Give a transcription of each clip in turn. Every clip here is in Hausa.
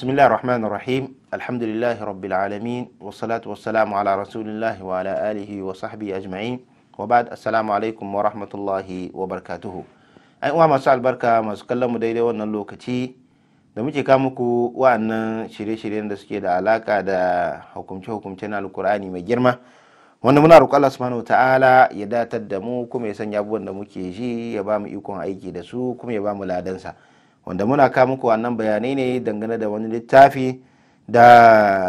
بسم الله الرحمن الرحيم الحمد لله رب العالمين والصلاة والسلام على رسول الله وعلى آله وصحبه أجمعين وبعد السلام عليكم ورحمة الله وبركاته أي masu albarka masu kallon mu daidai wannan lokaci da muke kawo muku wa'annan shirye-shiryen da suke da alaka da hukumce-hukumce na alkur'ani mai girma wanda muna roƙon Allah ta'ala ya datar da mu kuma ya sanya abubuwan muke ji ya ikon aiki da su kuma ya ladansa wanda muna kawo muku wannan bayanai ne dangane da wani littafi da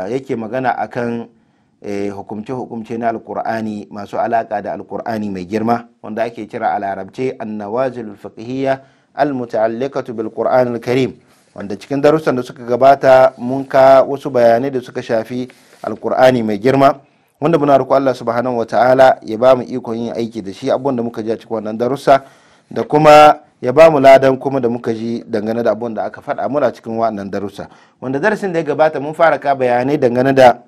yake magana akan eh, hukumce-hukumce na alkur'ani masu alaka da alkur'ani mai girma wanda ake kira a larabce annawazil fiqhiyya almuta'alliqatu bil qur'an karim wanda cikin darussan da suka gabata mun ka wasu bayanai da suka shafi alkur'ani mai girma wanda muna roƙo Allah subhanahu wata'ala ya ba mu ikon yin aiki da shi abubuwan da muka ji a cikin wannan darussa da kuma ya ba mu ladan kuma da muka ji dangane da abun da aka faɗa muna cikin wannan darussa wanda darasin da ya gabata mun fara ka bayanai dangane da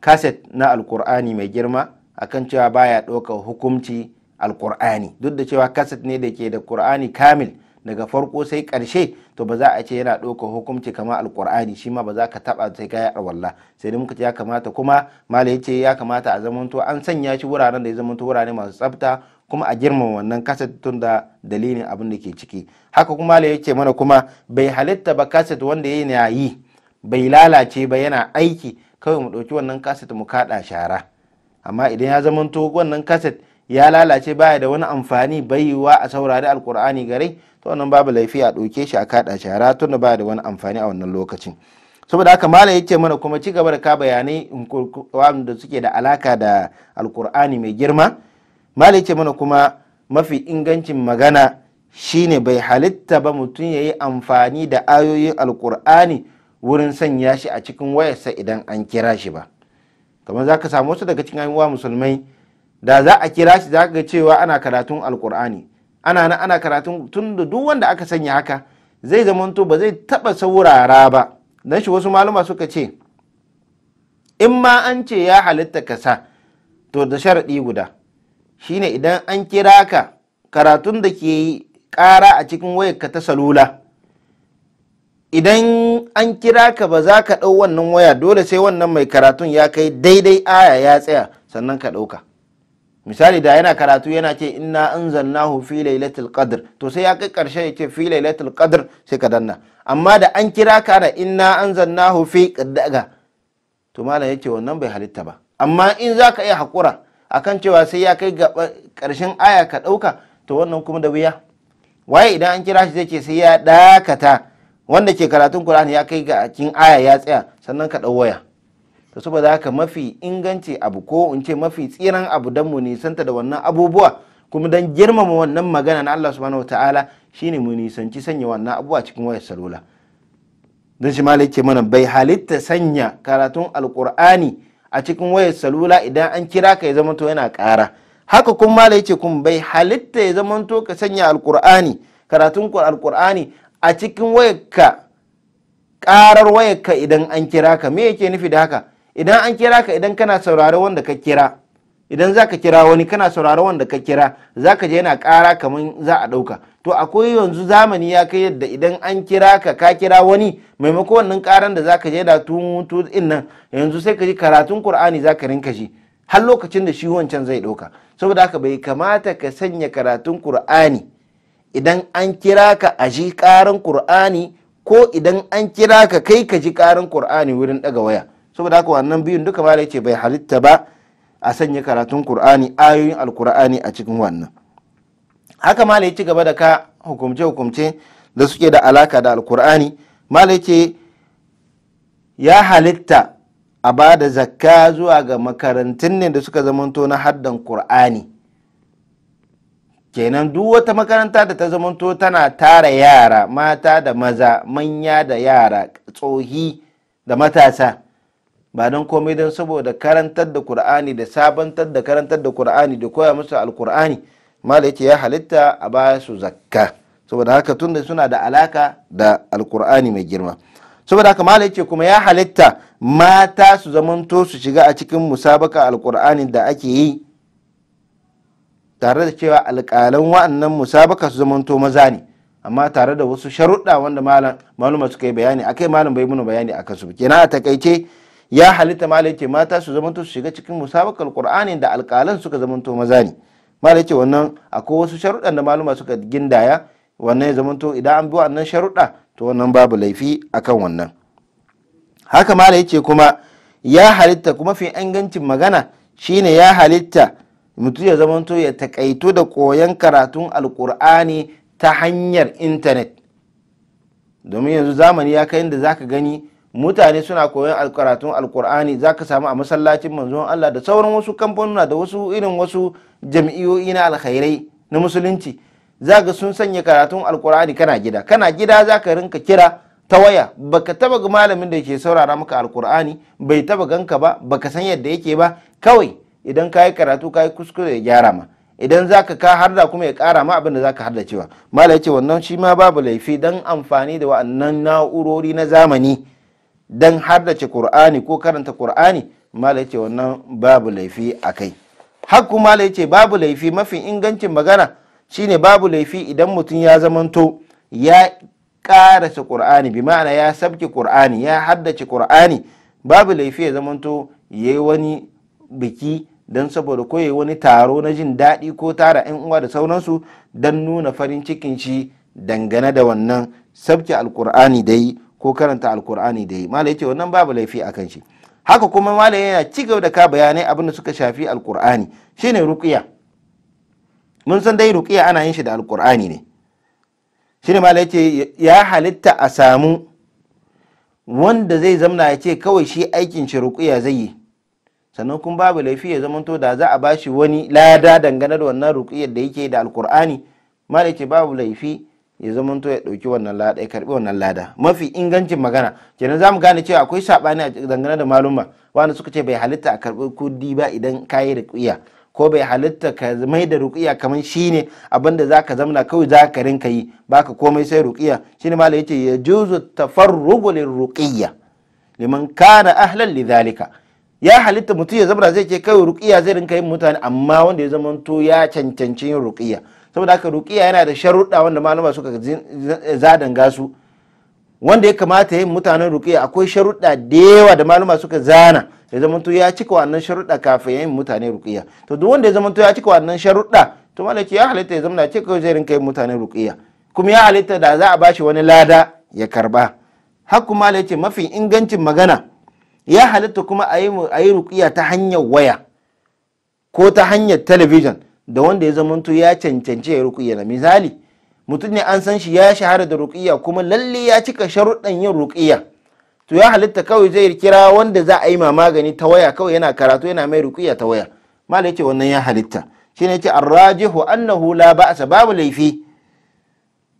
kaset na alkur'ani mai girma akan cewa baya ɗaukar hukumci alkur'ani duk da cewa kaset ne da ke da kur'ani kamil daga farko sai karshe to ba za a ce yana ɗaukar hukumci kamar alkur'ani shi ma ba za ka taɓa sai ka yi arwalla sai dai muka ce ya kamata kuma malai ya ce ya kamata a zamanto an sanya shi wuraren da ya zamanto wurare masu tsafta kuma a girman wannan kaset tun da dalilin abin da ke ciki haka kuma ya ce mana kuma bai halitta ba kaset wanda ya yi bai lalace ba yana aiki kawai mu ɗauki wannan kaset mu kaɗa shara amma idan ya zama zamanto wannan kaset ya lalace baya da wani amfani baiwa a saurari alkur'ani gare to wannan babu laifi a ɗauke shi a kaɗa shara tun da baya da wani amfani a wannan lokacin saboda haka malam yake mana kuma ci gaba da ka bayanai um, da suke da alaka da alkur'ani mai girma mala ce mana kuma mafi ingancin magana shine bai halitta ba mutum ya yi amfani da ayoyin alkur'ani wurin sanya shi a cikin wayarsa idan an kira shi ba kamar za ka samu wasu daga cikin ayyuwa musulmai da za a kira shi za ga cewa ana karatun alkur'ani ana na ana karatun tun da duk wanda aka sanya haka zai zamanto ba zai taba saurara ba dan shi wasu maluma suka ce in ma an ce ya halitta kasa to da sharadi guda shine idan an kira ka karatun da ke ƙara a cikin wayarka ta salula idan an kira ka ba za ka ɗau wannan waya dole sai wannan mai karatun ya kai daidai aya ya tsaya sannan ka ɗauka misali da yana karatu yana ce inna anzalnahu fi lailatul qadr to sai ya kai karshe ya ce fi lailatul qadr sai ka danna amma da an kira ka da inna anzalnahu fi qadaga to malam yace wannan bai halitta ba amma in za ka iya hakura akan cewa sai ya kai gaba ƙarshen aya ka ɗauka to wannan kuma da wuya waye idan an kira shi zai ce sai ya dakata wanda ke karatun Qur'ani ya kai ga cikin aya ya tsaya sannan ka ɗau waya to saboda haka mafi inganci abu ko in ce mafi tsiran abu dan mu nisanta da wannan abubuwa kuma dan girmama wannan magana na Allah subhanahu wataala shine mu nisanci sanya wannan abubuwa cikin wayar salula don shi malai ke mana bai halitta sanya karatun alkur'ani a cikin wayar salula idan an kira ka ya zamanto yana ƙara haka kuma mala yace kun bai halitta ya zamanto ka sanya alkur'ani karatun alkur'ani a cikin ka ƙarar ka idan an kira ka me yake nufi da haka idan an kira ka idan kana saurare wanda ka kira idan za kira wani kana saurare wanda ka kira zaka je yana ƙara kamar za a ɗauka to akwai yanzu zamani ya kai yadda idan an kira ka ka kira wani maimako wannan karan da zaka je da tutu din nan yanzu sai ka ji karatun qur'ani zaka rinka shi har lokacin da shi wancan zai ɗauka saboda haka bai kamata ka sanya karatun qur'ani idan an kira ka a ji karan qur'ani ko idan an kira ka kai ka ji karan qur'ani wurin daga waya saboda haka wannan biyun duka malai ce bai halitta ba a sanya karatun qur'ani ayoyin alqur'ani a cikin wannan haka mala ya ci gaba da ka hukumce hukumce da suke da alaka da alkur'ani mala ce ya halitta a ba da zakka zuwa ga makarantun ne da suka zamanto na haddan kur'ani kenan duk wata makaranta da ta zamanto tana tara yara mata da maza manya da yara tsohi da matasa ba don komai don saboda karantar da kur'ani da sabantar da karantar da kur'ani da koya musu alkur'ani mala yake ya halitta a baya su zakka saboda haka tunda suna da alaka da alkur'ani mai girma saboda haka mala yake kuma ya halitta mata su zamanto su shiga a cikin musabaka alkur'ani da ake yi tare da cewa alƙalan wa'annan musabaka su zamanto maza ne amma tare da wasu sharuɗa wanda maluma suka yi bayani akai malam bai muna bayani akan su kenan a takaice ya halitta malam yake mata su zamanto su shiga cikin musabakar qur'ani da alƙalan suka zamanto maza ne malai ce wannan akwai wasu sharuɗan da maluma suka gindaya wannan ya zamanto idan an bi wannan sharuɗa to wannan babu laifi akan wannan haka malai ce kuma ya halitta kuma fi ingancin magana shine ya halitta mutum ya zamanto ya takaito da koyon karatun alkur'ani ta hanyar intanet domin yanzu zamani ya kai inda zaka gani mutane suna koyon karatun alkur'ani za ka samu a masallacin manzon Allah da sauran wasu kamfanuna da wasu irin wasu jam'iyoyi na alkhairai na musulunci za ka sun sanya karatun alkur'ani kana gida kana gida za ka rinka kira ta waya baka taba ga malamin da ke saurara maka alkur'ani bai taba ganka ba baka san yadda yake ba kawai idan ka yi karatu ka yi kuskure ya gyara ma idan za ka har da kuma ya kara ma abin da za ka har cewa mala ya ce wannan shi ma babu laifi dan amfani da wa'annan na'urori na zamani don haddace Kur'ani ko karanta Kur'ani malai ce wannan babu laifi a kai. Hakku malai ce babu laifi mafi ingancin magana shine babu laifi idan mutum ya zamanto ya karasa Kur'ani bi ma'ana ya sabke Kur'ani ya haddace Kur'ani babu laifi ya zamanto ya yi wani biki don saboda ko wani taro na jin daɗi ko tara 'yan uwa da sauransu don nuna farin cikin shi dangane da wannan sabke alkur'ani dai ko karanta alkur'ani da yi mala ya ce wannan babu laifi a kan shi haka kuma mala yana ci gaba da ka bayanai abin da suka shafi alkur'ani shine ruqiya mun san dai ruqiya ana yin shi da alkur'ani ne shine mala ya ya halitta a samu wanda zai zamna ya ce kawai shi aikin shi ruqiya zai yi sannan kuma babu laifi ya zamanto da za a bashi wani lada dangane da wannan ruqiyar da yake da alkur'ani mala ya babu laifi ya zama to ya dauki wannan lada ya karbi wannan lada mafi ingancin magana kenan zamu gane cewa akwai saɓani a dangane da maluma wanda suka ce bai halitta a karbi kudi ba idan kayi ruqiya ko bai halitta ka mai da ruqiya kamar shine abin da zaka zamna kawai za ka rinka yi baka komai sai ruqiya shine malai yace ya juzu tafarrugu lirruqiyya liman kana ahlan lidhalika ya halitta mutum ya zamana zai ce kawai ruqiya zai rinka yin mutane amma wanda ya zamanto ya cancanci yin ruqiya saboda haka ruqiya yana da sharuɗa wanda malama suka zadan gasu. wanda ya kamata yin mutanen ruqiya akwai sharuɗa da yawa da malama suka zana ya zama to ya cika wannan sharuɗa kafin yin mutane ruqiya to duk wanda ya zama to ya cika wannan sharuɗa to malaki ya halitta ya zama na cika zai rinka yin mutane ruqiya kuma ya halitta da za a bashi wani lada ya karba har kuma ya mafi ingancin magana ya halitta kuma a yi ruqiya ta hanyar waya ko ta hanyar talabijin da wanda ya zamanto ya cancanci ya ruqiyya na misali mutum ne an san shi ya shahara da rukiya kuma lalle ya cika sharuɗan yin ruqiyya to ya halitta kawai zai kira wanda za a yi ma magani ta waya kawai yana karatu yana mai rukiya ta waya mala yake wannan ya halitta ce yace rajihu annahu la ba'sa babu laifi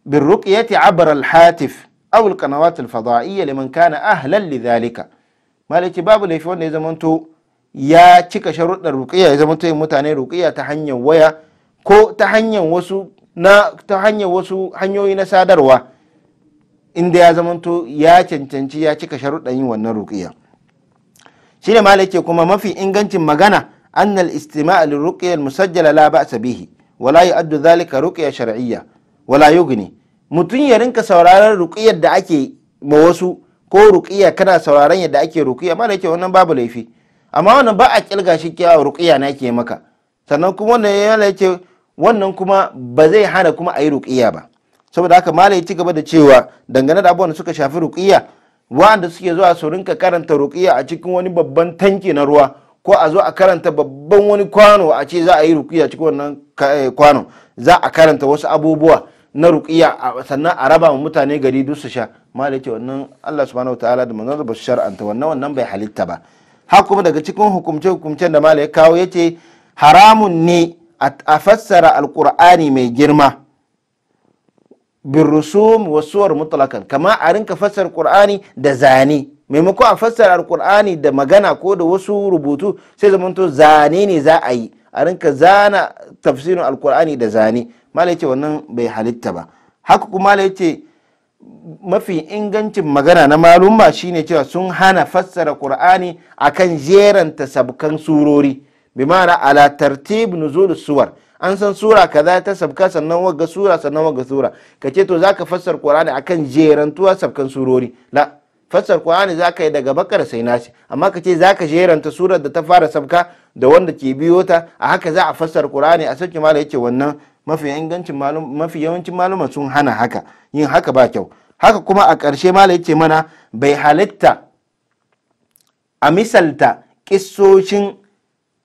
bin ruqyati abra hatif aw al-qanawat fadaiyya liman kana ahlan lidhalika yake babu laifi wanda ya zamanto ya cika sharuɗar rukiya ya zama yin mutane rukiya ta hanyar waya ko ta hanyar wasu na ta hanyar wasu hanyoyi na sadarwa inda ya to ya cancanci ya cika sharuɗan yin wannan shi ne malake kuma mafi ingancin magana annal istima' lil ruqya musajjala la ba'sa bihi wala yu'addu dhalika ruqya shar'iyya wala yughni mutun ya rinka sauraron ruqiyar da ake ma wasu ko ruqiyya kana sauraron yadda ake ruqiyya malake wannan babu laifi amma wannan ba a kirga shi kiyawa ruqiya na ke maka sannan kuma wannan yana yake wannan kuma ba zai hana kuma a yi ruqiya ba saboda haka malai ya ci gaba da cewa dangane da abubuwan da suka shafi ruqiya wanda suke zuwa su rinka karanta ruqiya a cikin wani babban tanki na ruwa ko a zo a karanta babban wani kwano a ce za a yi ruqiya cikin wannan eh, kwano za a karanta wasu abubuwa na ruqiya sannan a raba mutane gari duk su sha malai ce wannan Allah subhanahu wataala da manzo ba su shar'anta wannan wannan bai halitta ba har kuma daga cikin hukumce-hukumcen da mala ya kawo ya ce haramun ne a fassara alkur'ani mai girma birrusum wasuwar mutlakan kama a rinka fassara alkur'ani da zane maimako a fassara alkur'ani da magana ko da wasu rubutu sai zamanto zane ne za a yi a rinka zana tafsirin alkur'ani da zane mala ce wannan bai halitta ba haka kuma ce mafi ingancin magana na malumma shine cewa sun hana fassara qur'ani akan jeranta sabkan surori bi ma'ana ala tartib nuzul suwar an san sura kaza ta sabka sannan wagga sura sannan wagga sura kace to zaka fassar qur'ani akan jerantuwa sabkan surori la fassar qur'ani zaka yi daga bakar sai nasi amma kace zaka jeranta surar da ta fara sabka da wanda ke biyo ta a haka za a fassar qur'ani a sarki mala yake wannan mafi yawancin maluma sun hana haka yin haka ba kyau haka kuma a ƙarshe mala yace mana bai halitta a misalta kissocin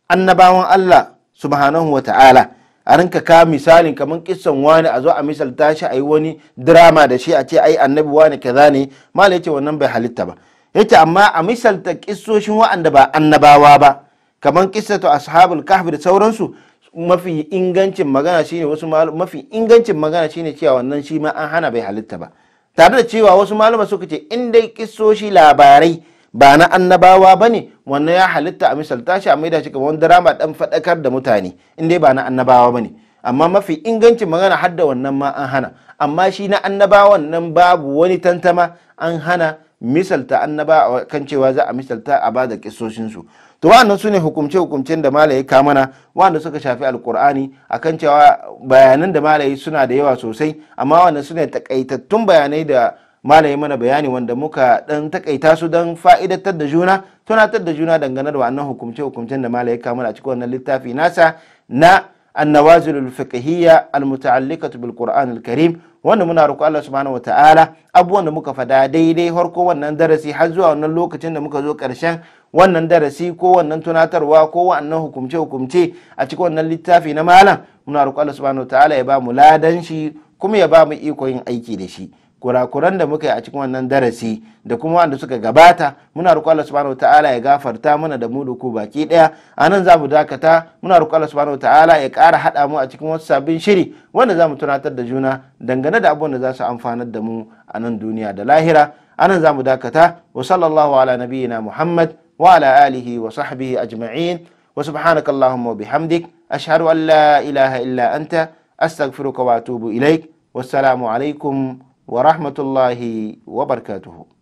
annabawan Allah subhanahu wa ta'ala a rinka ka misalin kamar kissan wani a zo a misalta shi a yi wani drama da shi a ce ai annabi wani kaza ne mala yace wannan bai halitta ba yace amma a misalta kissoshin wa'anda ba annabawa ba kamar kissatu ashabul kahfi da sauransu mafi ingancin magana shine wasu mafi ingancin magana shine cewa wannan shi ma an hana bai halitta ba tare da cewa wasu malama suka ce in dai kisoshi labarai ba na annabawa ba ne wannan ya halitta a misaltashi tashi a maida shi kamar drama dan faɗakar da mutane in dai ba na annabawa ba ne amma mafi ingancin magana har da wannan ma an hana amma shi na annabawan nan babu wani tantama an hana misalta annaba kan cewa za a misalta a bada kissoshinsu to wa'annan su ne hukumce-hukumcen da malaye ka mana wanda suka shafi alkur'ani akan cewa bayanan da malaye suna da yawa sosai amma wa'annan su ne takaitattun bayanai da malaye mana bayani wanda muka dan takaita su don fa'idatar da juna tunatar da juna dangane da wannan hukumce-hukumcen da malaye ka mana a cikin wannan littafi nasa na النوازل الفقهية المتعلقة بالقرآن الكريم wanda muna roƙo Allah subhanahu ta'ala abubuwan da muka fada daidai harko wannan darasi har zuwa wannan lokacin da muka zo ƙarshen wannan darasi ko wannan tunatarwa ko wannan hukumce hukumce a cikin wannan littafi na malam muna roƙon Allah subhanahu wataala ya ba mu ladan shi kuma ya ba mu iko yin aiki da shi kurakuran da muka yi a cikin wannan darasi da kuma wanda suka gabata muna roƙon Allah subhanahu wataala ya gafarta mana da mu ko baki daya anan za mu dakata muna roƙon Allah subhanahu wataala ya ƙara haɗa mu a cikin wasu sabbin shiri wanda za mu tunatar da juna dangane da abubuwan da za su amfanar da mu a nan duniya da lahira anan za mu dakata wa sallallahu ala nabiyyina muhammad وعلى آله وصحبه أجمعين وسبحانك اللهم وبحمدك أشهد أن لا إله إلا أنت أستغفرك وأتوب إليك والسلام عليكم ورحمة الله وبركاته